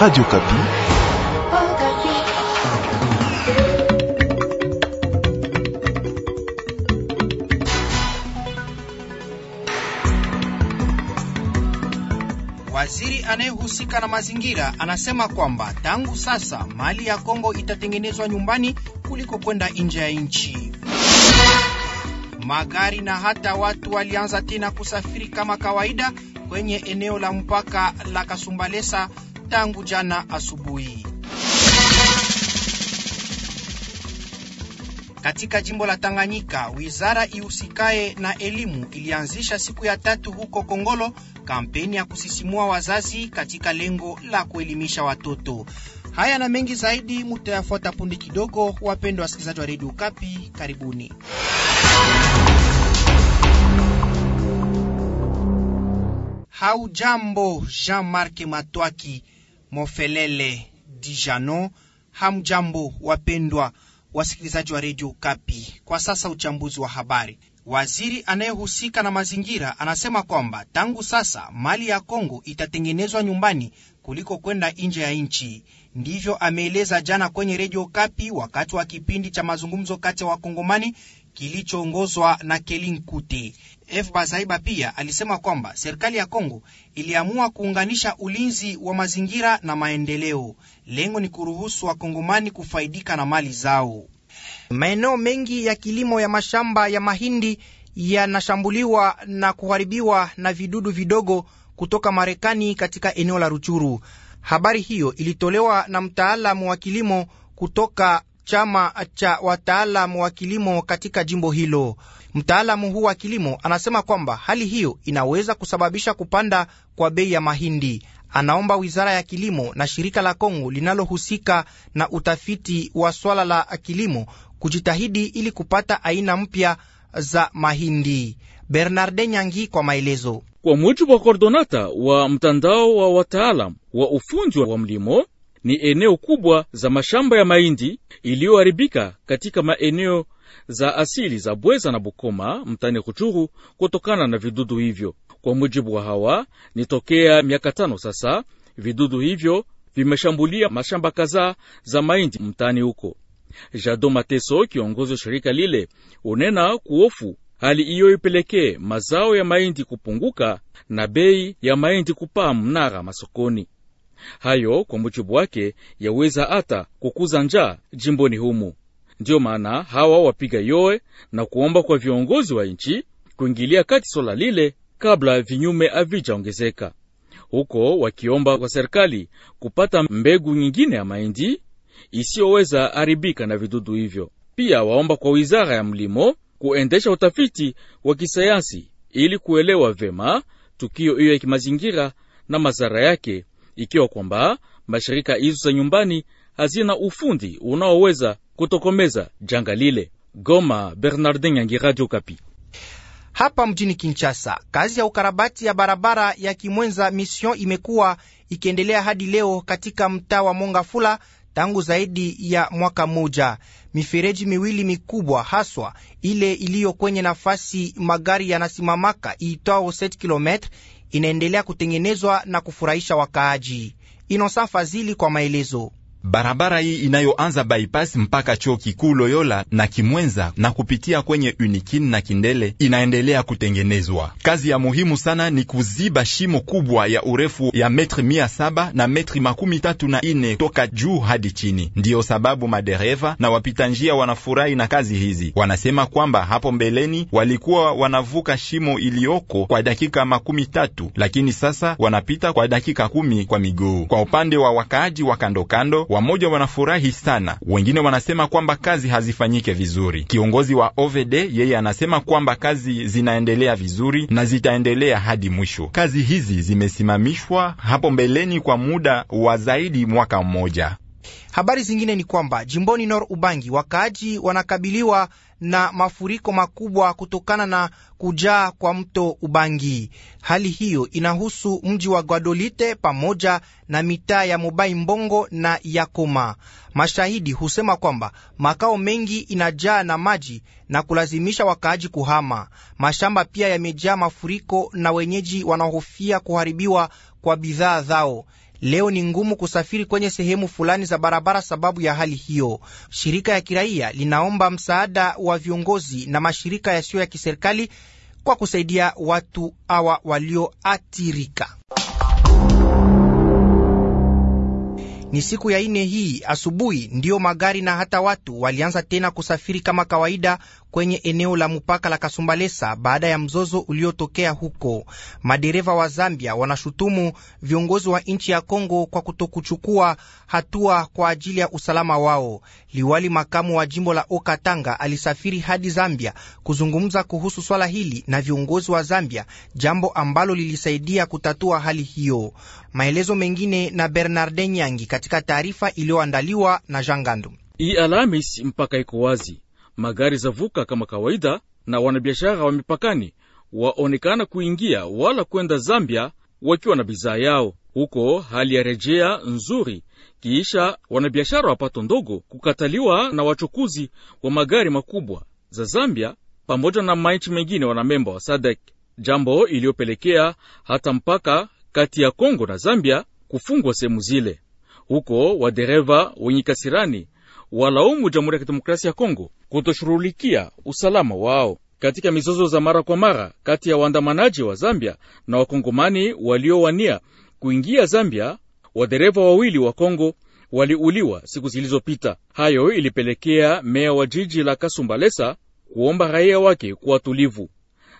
Radio Kapi. Waziri anayehusika na mazingira anasema kwamba tangu sasa mali ya Kongo itatengenezwa nyumbani kuliko kwenda nje ya nchi. Magari na hata watu walianza tena kusafiri kama kawaida kwenye eneo la mpaka la Kasumbalesa tangu jana asubuhi. Katika jimbo la Tanganyika, wizara ihusikaye na elimu ilianzisha siku ya tatu huko Kongolo kampeni ya kusisimua wazazi katika lengo la kuelimisha watoto. Haya na mengi zaidi mutayafuata punde kidogo. Wapendwa wasikilizaji wa redio Kapi, karibuni. Haujambo, Jean Marc Matwaki. Mofelele Dijano. Hamjambo wapendwa wasikilizaji wa redio Kapi. Kwa sasa uchambuzi wa habari. Waziri anayehusika na mazingira anasema kwamba tangu sasa mali ya Kongo itatengenezwa nyumbani kuliko kwenda nje ya nchi. Ndivyo ameeleza jana kwenye redio Kapi wakati wa kipindi cha mazungumzo kati ya Wakongomani kilichoongozwa na Kelin Kute. F Bazaiba pia alisema kwamba serikali ya Kongo iliamua kuunganisha ulinzi wa mazingira na maendeleo. Lengo ni kuruhusu wakongomani kufaidika na mali zao. Maeneo mengi ya kilimo ya mashamba ya mahindi yanashambuliwa na kuharibiwa na vidudu vidogo kutoka Marekani katika eneo la Ruchuru. Habari hiyo ilitolewa na mtaalamu wa kilimo kutoka chama cha wataalamu wa kilimo katika jimbo hilo. Mtaalamu huu wa kilimo anasema kwamba hali hiyo inaweza kusababisha kupanda kwa bei ya mahindi. Anaomba wizara ya kilimo na shirika la Kongo linalohusika na utafiti wa swala la kilimo kujitahidi ili kupata aina mpya za mahindi. Bernarde Nyangi kwa maelezo. Kwa mujibu wa kordonata wa mtandao wa wataalam wa ufunzi wa mlimo ni eneo kubwa za mashamba ya mahindi iliyoharibika katika maeneo za asili za Bweza na Bukoma mtani Ruchuru kutokana na vidudu hivyo. Kwa mujibu wa hawa, ni tokea miaka tano sasa vidudu hivyo vimeshambulia mashamba kadhaa za mahindi mtani huko. Jado Mateso, kiongozi wa shirika lile, unena kuofu hali iyo ipelekee mazao ya mahindi kupunguka na bei ya mahindi kupaa mnara masokoni. Hayo kwa mujibu wake yaweza hata kukuza njaa jimboni humu. Ndiyo maana hawa wapiga yoe na kuomba kwa viongozi wa nchi kuingilia kati swala lile kabla vinyume havijaongezeka, huko wakiomba kwa serikali kupata mbegu nyingine ya mahindi isiyoweza haribika na vidudu hivyo. Pia waomba kwa wizara ya mlimo kuendesha utafiti wa kisayansi ili kuelewa vema tukio hiyo ya kimazingira na madhara yake ikiwa kwamba mashirika hizo za nyumbani hazina ufundi unaoweza kutokomeza janga lile. Goma, Bernardin Yangi, Radio Kapi. Hapa mjini Kinshasa, kazi ya ukarabati ya barabara ya Kimwenza Mission imekuwa ikiendelea hadi leo katika mtaa wa Mongafula tangu zaidi ya mwaka mmoja. Mifereji miwili mikubwa haswa ile iliyo kwenye nafasi magari yanasimamaka iitwao 7 km inaendelea kutengenezwa na kufurahisha wakaaji. Inosa Fazili kwa maelezo. Barabara hii inayoanza bypass mpaka chuo kikuu Loyola na Kimwenza na kupitia kwenye Unikin na Kindele inaendelea kutengenezwa. Kazi ya muhimu sana ni kuziba shimo kubwa ya urefu ya metri mia saba na metri makumi tatu na ine toka juu hadi chini. Ndiyo sababu madereva na wapita njia wanafurahi na kazi hizi. Wanasema kwamba hapo mbeleni walikuwa wanavuka shimo iliyoko kwa dakika makumi tatu, lakini sasa wanapita kwa dakika kumi kwa miguu. Kwa upande wa wakaaji wa kandokando Wamoja wanafurahi sana, wengine wanasema kwamba kazi hazifanyike vizuri. Kiongozi wa OVD yeye anasema kwamba kazi zinaendelea vizuri na zitaendelea hadi mwisho. Kazi hizi zimesimamishwa hapo mbeleni kwa muda wa zaidi mwaka mmoja. Habari zingine ni kwamba jimboni Nor Ubangi wakaaji wanakabiliwa na mafuriko makubwa kutokana na kujaa kwa mto Ubangi. Hali hiyo inahusu mji wa Guadolite pamoja na mitaa ya Mobai Mbongo na Yakoma. Mashahidi husema kwamba makao mengi inajaa na maji na kulazimisha wakaaji kuhama. Mashamba pia yamejaa mafuriko na wenyeji wanahofia kuharibiwa kwa bidhaa zao leo ni ngumu kusafiri kwenye sehemu fulani za barabara sababu ya hali hiyo. Shirika ya kiraia linaomba msaada wa viongozi na mashirika yasiyo ya kiserikali kwa kusaidia watu hawa walioathirika. Ni siku ya ine hii asubuhi ndiyo magari na hata watu walianza tena kusafiri kama kawaida kwenye eneo la mpaka la Kasumbalesa baada ya mzozo uliotokea huko. Madereva wa Zambia wanashutumu viongozi wa nchi ya Kongo kwa kutokuchukua hatua kwa ajili ya usalama wao. Liwali makamu wa jimbo la Okatanga alisafiri hadi Zambia kuzungumza kuhusu swala hili na viongozi wa Zambia, jambo ambalo lilisaidia kutatua hali hiyo. Maelezo mengine na Bernarde Nyangi katika taarifa iliyoandaliwa na Gandu. Hii Alhamis mpaka iko wazi magari za vuka kama kawaida, na wanabiashara wa mipakani waonekana kuingia wala kwenda Zambia wakiwa na bidhaa yao huko. Hali ya rejea nzuri kiisha wanabiashara wa pato ndogo kukataliwa na wachukuzi wa magari makubwa za Zambia pamoja na manchi mengine wanamemba wa sadek jambo iliyopelekea hata mpaka kati ya Kongo na Zambia kufungwa sehemu zile. Huko wadereva wenye kasirani walaumu Jamhuri ya Kidemokrasia ya Kongo kutoshughulikia usalama wao katika mizozo za mara kwa mara kati ya waandamanaji wa Zambia na wakongomani waliowania kuingia Zambia. Wadereva wawili wa Kongo waliuliwa siku zilizopita. Hayo ilipelekea meya wa jiji la Kasumbalesa kuomba raia wake kuwa tulivu,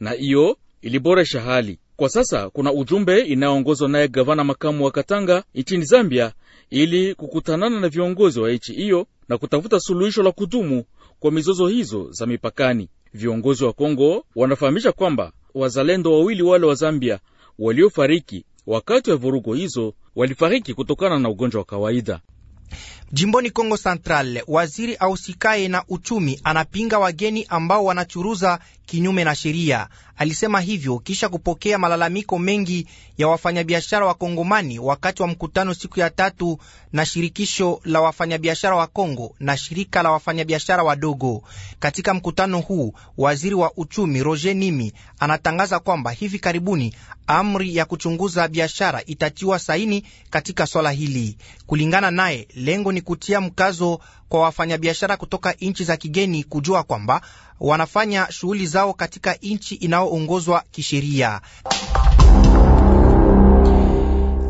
na iyo iliboresha hali kwa sasa kuna ujumbe inayoongozwa naye gavana makamu wa Katanga nchini Zambia ili kukutanana na viongozi wa nchi hiyo na kutafuta suluhisho la kudumu kwa mizozo hizo za mipakani. Viongozi wa Kongo wanafahamisha kwamba wazalendo wawili wale wa Zambia waliofariki wakati wa vurugo hizo walifariki kutokana na ugonjwa wa kawaida. Jimboni Kongo Central, waziri ausikaye na uchumi anapinga wageni ambao wanachuruza kinyume na sheria. Alisema hivyo kisha kupokea malalamiko mengi ya wafanyabiashara wa Kongomani wakati wa mkutano siku ya tatu na shirikisho la wafanyabiashara wa Kongo na shirika la wafanyabiashara wadogo. Katika mkutano huu, waziri wa uchumi Roger Nimi anatangaza kwamba hivi karibuni amri ya kuchunguza biashara itatiwa saini katika swala hili. Kulingana naye, lengo ni kutia mkazo kwa wafanyabiashara kutoka nchi za kigeni kujua kwamba wanafanya shughuli zao katika nchi inayoongozwa kisheria.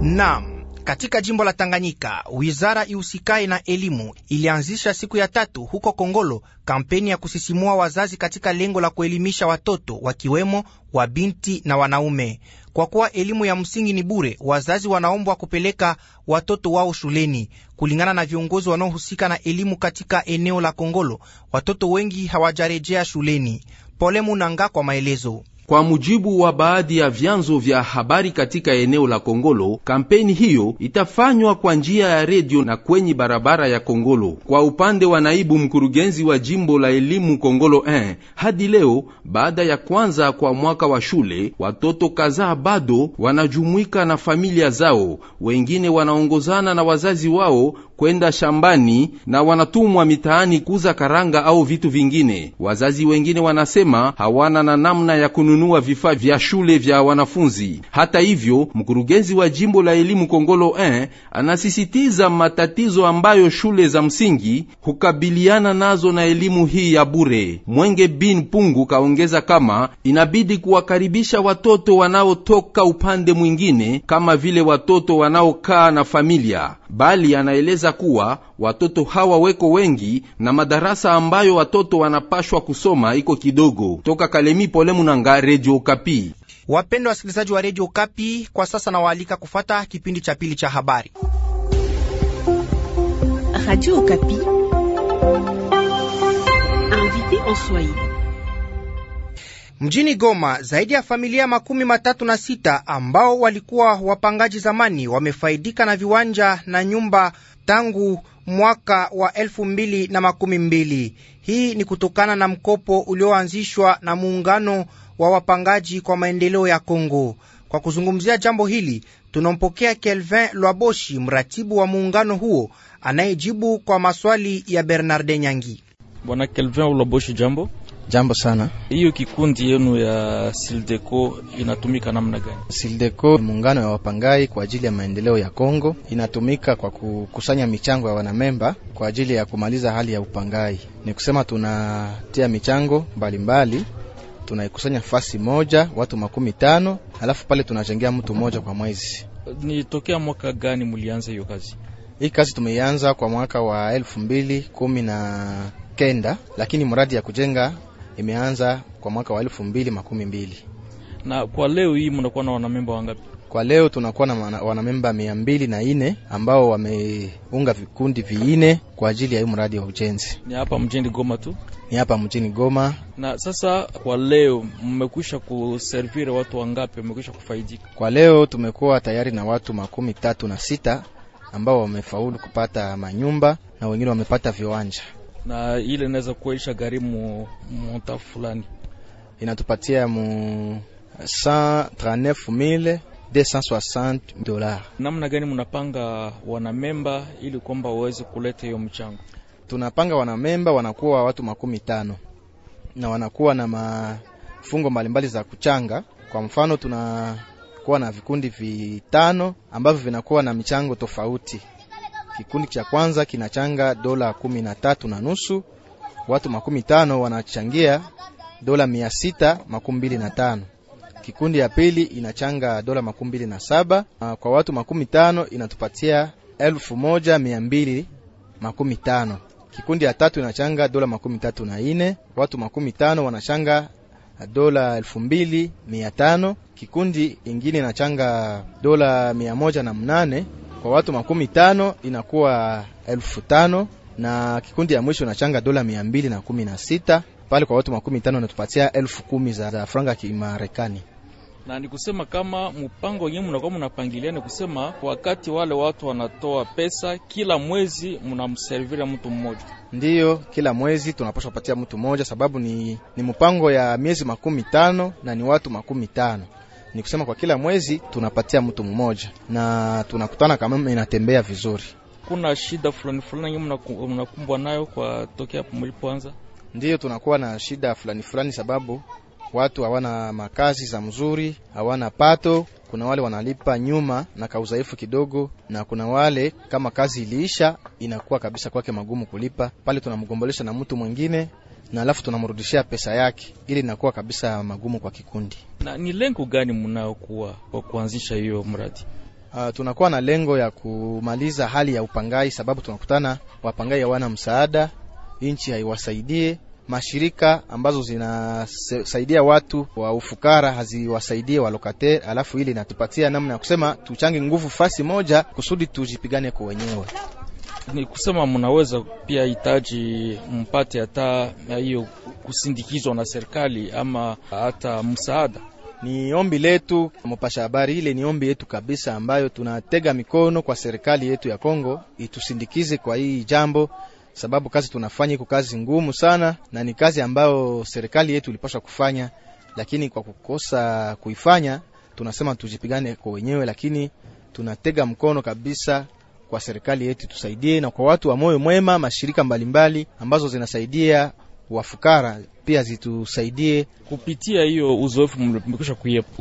Naam. Katika jimbo la Tanganyika, wizara ihusikaye na elimu ilianzisha siku ya tatu huko Kongolo kampeni ya kusisimua wazazi katika lengo la kuelimisha watoto wakiwemo wabinti na wanaume. Kwa kuwa elimu ya msingi ni bure, wazazi wanaombwa kupeleka watoto wao shuleni. Kulingana na viongozi wanaohusika na elimu katika eneo la Kongolo, watoto wengi hawajarejea shuleni. Pole Munanga kwa maelezo. Kwa mujibu wa baadhi ya vyanzo vya habari katika eneo la Kongolo, kampeni hiyo itafanywa kwa njia ya redio na kwenye barabara ya Kongolo. Kwa upande wa naibu mkurugenzi wa jimbo la elimu Kongolo 1, hadi leo baada ya kwanza kwa mwaka wa shule, watoto kadhaa bado wanajumuika na familia zao, wengine wanaongozana na wazazi wao kwenda shambani na wanatumwa mitaani kuuza karanga au vitu vingine. Wazazi wengine wanasema hawana na namna ya kununua vifaa vya shule vya wanafunzi. Hata hivyo, mkurugenzi wa jimbo la elimu Kongolo 1 anasisitiza matatizo ambayo shule za msingi hukabiliana nazo na elimu hii ya bure. Mwenge bin Pungu kaongeza kama inabidi kuwakaribisha watoto wanaotoka upande mwingine kama vile watoto wanaokaa na familia bali anaeleza kuwa watoto hawa weko wengi na madarasa ambayo watoto wanapashwa kusoma iko kidogo. Toka Kalemi, Pole Munanga, Redio Okapi. Wapendwa wasikilizaji wa Redio Okapi, kwa sasa nawaalika kufata kipindi cha pili cha habari Radio Okapi. Mjini Goma zaidi ya familia makumi matatu na sita ambao walikuwa wapangaji zamani wamefaidika na viwanja na nyumba tangu mwaka wa elfu mbili na makumi mbili. Hii ni kutokana na mkopo ulioanzishwa na muungano wa wapangaji kwa maendeleo ya Kongo. Kwa kuzungumzia jambo hili, tunampokea Kelvin Lwaboshi, mratibu wa muungano huo, anayejibu kwa maswali ya Bernarde Nyangi. Bwana Kelvin Lwaboshi, jambo. Jambo sana. Hiyo kikundi yenu ya Sildeco inatumika namna gani? Sildeco muungano ya wapangai kwa ajili ya maendeleo ya Kongo, inatumika kwa kukusanya michango ya wanamemba kwa ajili ya kumaliza hali ya upangai. Ni kusema tunatia michango mbalimbali, tunaikusanya fasi moja, watu makumi tano, alafu pale tunachangia mtu mmoja kwa mwezi. Ni tokea mwaka gani mulianza hiyo kazi? Hii kazi tumeianza kwa mwaka wa elfu mbili kumi na kenda, lakini mradi ya kujenga imeanza kwa mwaka wa elfu mbili makumi mbili na kwa leo hii mnakuwa na wanamemba wangapi? Kwa leo tunakuwa na wanamemba mia mbili na ine ambao wameunga vikundi viine kwa ajili ya hii mradi wa ujenzi. Ni hapa mjini Goma tu? Ni hapa mjini Goma. Na sasa kwa leo mmekwisha kuservire watu wangapi? Mmekwisha kufaidika? Kwa leo tumekuwa tayari na watu makumi tatu na sita ambao wamefaulu kupata manyumba na wengine wamepata viwanja na ile inaweza kuisha gharimu mota fulani, inatupatia mu 139260 dola. Namna gani mnapanga wanamemba ili kwamba waweze kuleta hiyo mchango? Tunapanga wanamemba wanakuwa watu makumi tano na wanakuwa na mafungo mbalimbali za kuchanga. Kwa mfano tunakuwa na vikundi vitano ambavyo vinakuwa na michango tofauti Kikundi cha kwanza kinachanga dola kumi na tatu na nusu, watu makumi tano wanachangia dola mia sita makumi mbili na tano. Kikundi ya pili inachanga dola makumi mbili na saba kwa watu makumi tano inatupatia elfu moja mia mbili makumi tano. Kikundi ya tatu inachanga dola makumi tatu na ine watu makumi tano wanachanga dola elfu mbili mia tano. Kikundi ingine inachanga dola mia moja na mnane kwa watu makumi tano inakuwa elfu tano na kikundi ya mwisho unachanga dola mia mbili na kumi na sita pale kwa watu makumi tano natupatia elfu kumi za, za franga ya Kimarekani na ni kusema kama mpango wenyewe mnakuwa mnapangilia, ni kusema wakati wale watu wanatoa pesa kila mwezi mnamservira mtu mmoja, ndiyo kila mwezi tunapaswa kupatia mtu mmoja, sababu ni, ni mpango ya miezi makumi tano na ni watu makumi tano ni kusema kwa kila mwezi tunapatia mtu mmoja na tunakutana kama inatembea vizuri. Kuna shida fulani fulani mnakumbwa nayo kwa tokea mlipoanza? Ndiyo, tunakuwa na shida fulani fulani sababu watu hawana makazi za mzuri, hawana pato. Kuna wale wanalipa nyuma na kauzaifu kidogo, na kuna wale kama kazi iliisha, inakuwa kabisa kwake magumu kulipa pale. Tunamgombolesha na mtu mwingine na alafu tunamrudishia pesa yake, ili inakuwa kabisa magumu kwa kikundi. Na ni lengo gani mnayokuwa kwa kuanzisha hiyo mradi? Uh, tunakuwa na lengo ya kumaliza hali ya upangai, sababu tunakutana wapangai hawana msaada, nchi haiwasaidie mashirika ambazo zinasaidia watu wa ufukara haziwasaidie walokate, alafu ili inatupatia namna ya kusema tuchange nguvu fasi moja kusudi tujipigane kwa wenyewe ni kusema mnaweza pia hitaji mpate hata hiyo kusindikizwa na serikali ama hata msaada. Ni ombi letu mpasha habari, ile ni ombi yetu kabisa, ambayo tunatega mikono kwa serikali yetu ya Kongo itusindikize kwa hii jambo, sababu kazi tunafanya iko kazi ngumu sana, na ni kazi ambayo serikali yetu ilipaswa kufanya, lakini kwa kukosa kuifanya, tunasema tujipigane kwa wenyewe, lakini tunatega mkono kabisa kwa serikali yetu tusaidie, na kwa watu wa moyo mwema, mashirika mbalimbali ambazo zinasaidia wafukara pia zitusaidie kupitia hiyo uzoefu mmekwisha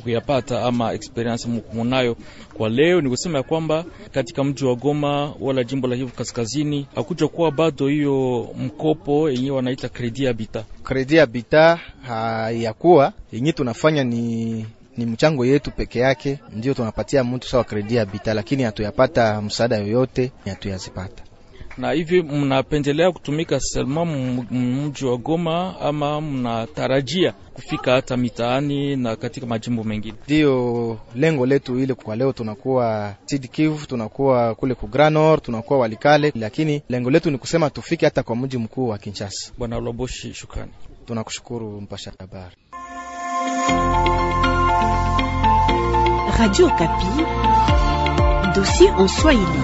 kuyapata ama experience munayo kwa leo. Ni kusema ya kwamba katika mji wa Goma wala jimbo la Kivu Kaskazini hakuja kuwa bado hiyo mkopo yenyewe wanaita kredi habita, kredi habita hayakuwa. Yenyewe tunafanya ni ni mchango yetu peke yake ndio tunapatia mtu sawa kredi ya bita, lakini hatuyapata msaada yoyote, hatuyazipata na hivi mnapendelea kutumika selma mji wa Goma ama mnatarajia kufika hata mitaani na katika majimbo mengine? Ndiyo lengo letu ile kwa leo, tunakuwa Sud Kivu, tunakuwa kule ku Grand Nord, tunakuwa Walikale, lakini lengo letu ni kusema tufike hata kwa mji mkuu wa Kinshasa. Bwana Loboshi, shukrani, tunakushukuru mpasha habari Radio Kapi, dossier en Swahili.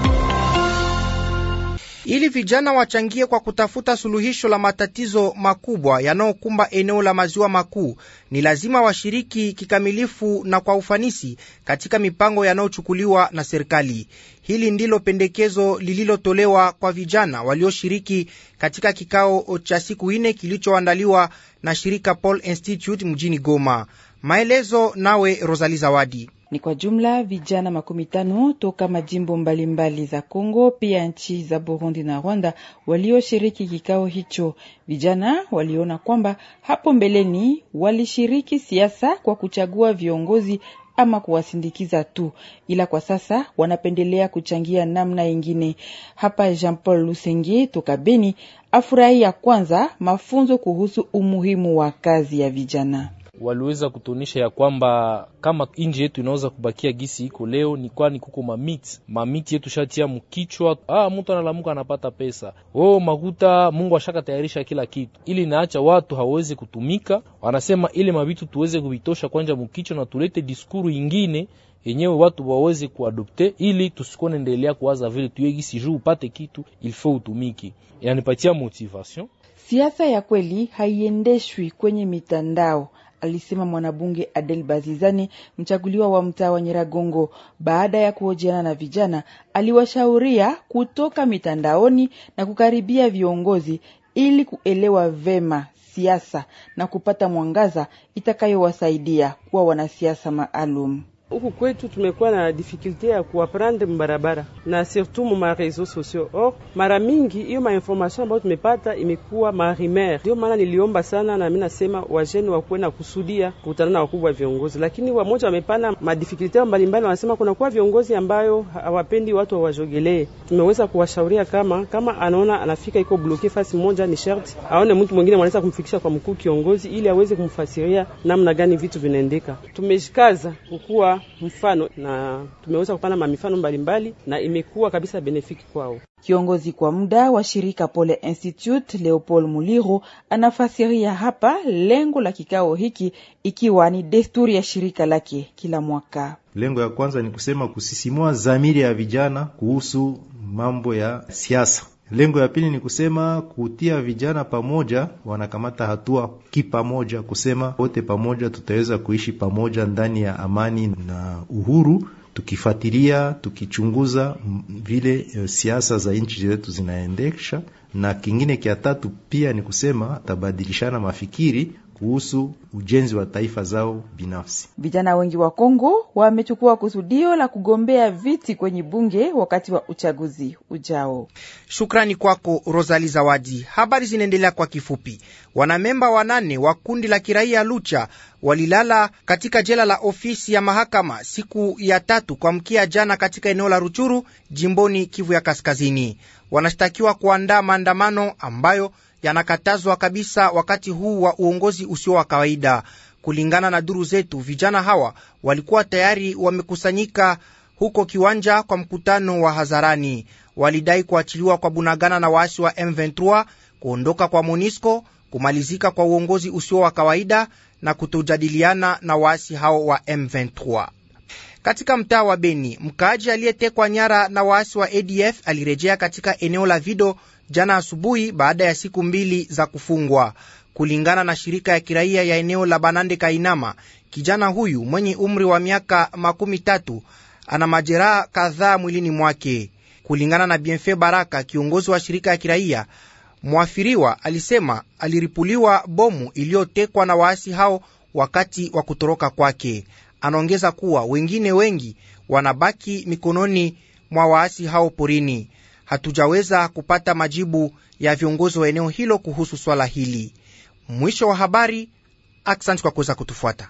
Ili vijana wachangie kwa kutafuta suluhisho la matatizo makubwa yanayokumba eneo la maziwa makuu, ni lazima washiriki kikamilifu na kwa ufanisi katika mipango yanayochukuliwa na serikali. Hili ndilo pendekezo lililotolewa kwa vijana walioshiriki katika kikao cha siku nne kilichoandaliwa na shirika Paul Institute mjini Goma. Maelezo nawe Rosali Zawadi. Ni kwa jumla vijana makumi tano toka majimbo mbalimbali za Kongo pia nchi za Burundi na Rwanda walioshiriki kikao hicho. Vijana waliona kwamba hapo mbeleni walishiriki siasa kwa kuchagua viongozi ama kuwasindikiza tu, ila kwa sasa wanapendelea kuchangia namna ingine. Hapa Jean Paul Lusenge toka Beni afurahi ya kwanza mafunzo kuhusu umuhimu wa kazi ya vijana waliweza kutuonyesha ya kwamba kama inji yetu inaweza kubakia gisi iko leo ni kwani kuko mamiti mamiti yetu shatia mkichwa. Ah, mtu analamuka anapata pesa o makuta, Mungu ashakatayarisha kila kitu, ili naacha watu hawezi kutumika. Wanasema ile mabitu tuweze kuvitosha kwanja mkichwa na tulete diskuru ingine yenyewe watu waweze kuadopte ili tusikuwa naendelea kuwaza vile tuye gisi juu upate kitu ilifo utumiki. Yanipatia motivation. Siasa ya kweli haiendeshwi kwenye mitandao alisema mwanabunge Adel Bazizani, mchaguliwa wa mtaa wa Nyiragongo. Baada ya kuhojiana na vijana, aliwashauria kutoka mitandaoni na kukaribia viongozi ili kuelewa vema siasa na kupata mwangaza itakayowasaidia kuwa wanasiasa maalum huku kwetu tumekuwa na dificulte ya kuaprendre mbarabara na surtout mu mareseau sociaux. Or mara mingi hiyo mainformation ambayo tumepata imekuwa marimer. Ndio maana niliomba sana, mimi nasema wajeni wakuwe na kusudia kukutana na wakubwa viongozi, lakini wamoja wamepana madificulte wa mbalimbali, wanasema kunakuwa viongozi ambayo hawapendi watu wawajogelee. Tumeweza kuwashauria kama kama anaona anafika iko bloke fasi moja, ni sharti aone mtu mwingine anaweza kumfikisha kwa mkuu kiongozi, ili aweze kumfasiria namna gani vitu vinaendeka. Tumeshikaza kukuwa mfano na tumeweza kupana mamifano mbalimbali na imekuwa kabisa benefiki kwao. Kiongozi kwa muda wa shirika Pole Institute Leopold Muliro anafasiria hapa lengo la kikao hiki, ikiwa ni desturi ya shirika lake kila mwaka. Lengo ya kwanza ni kusema kusisimua dhamiri ya vijana kuhusu mambo ya siasa Lengo ya pili ni kusema kutia vijana pamoja, wanakamata hatua kipamoja, kusema wote pamoja tutaweza kuishi pamoja ndani ya amani na uhuru, tukifuatilia tukichunguza vile eh, siasa za nchi zetu zinaendesha. Na kingine kia tatu pia ni kusema tabadilishana mafikiri kuhusu ujenzi wa taifa zao binafsi. Vijana wengi wa Kongo wamechukua kusudio la kugombea viti kwenye bunge wakati wa uchaguzi ujao. Shukrani kwako Rosali Zawadi. Habari zinaendelea kwa kifupi. Wanamemba wanane wa kundi la kiraia Lucha walilala katika jela la ofisi ya mahakama siku ya tatu kuamkia jana katika eneo la Ruchuru, jimboni Kivu ya Kaskazini. Wanashtakiwa kuandaa maandamano ambayo yanakatazwa kabisa wakati huu wa uongozi usio wa kawaida. Kulingana na duru zetu, vijana hawa walikuwa tayari wamekusanyika huko Kiwanja kwa mkutano wa hadharani. Walidai kuachiliwa kwa Bunagana na waasi wa M23, kuondoka kwa MONUSCO, kumalizika kwa uongozi usio wa kawaida na kutojadiliana na waasi hao wa M23. Katika mtaa wa Beni, mkaaji aliyetekwa nyara na waasi wa ADF alirejea katika eneo la Vido jana asubuhi baada ya siku mbili za kufungwa. Kulingana na shirika ya kiraia ya eneo la Banande Kainama, kijana huyu mwenye umri wa miaka makumi tatu ana majeraha kadhaa mwilini mwake. Kulingana na Bienfait Baraka, kiongozi wa shirika ya kiraia, mwathiriwa alisema aliripuliwa bomu iliyotekwa na waasi hao wakati wa kutoroka kwake. Anaongeza kuwa wengine wengi wanabaki mikononi mwa waasi hao porini hatujaweza kupata majibu ya viongozi wa eneo hilo kuhusu swala hili. Mwisho wa habari. aksant kwa kuweza kutufuata.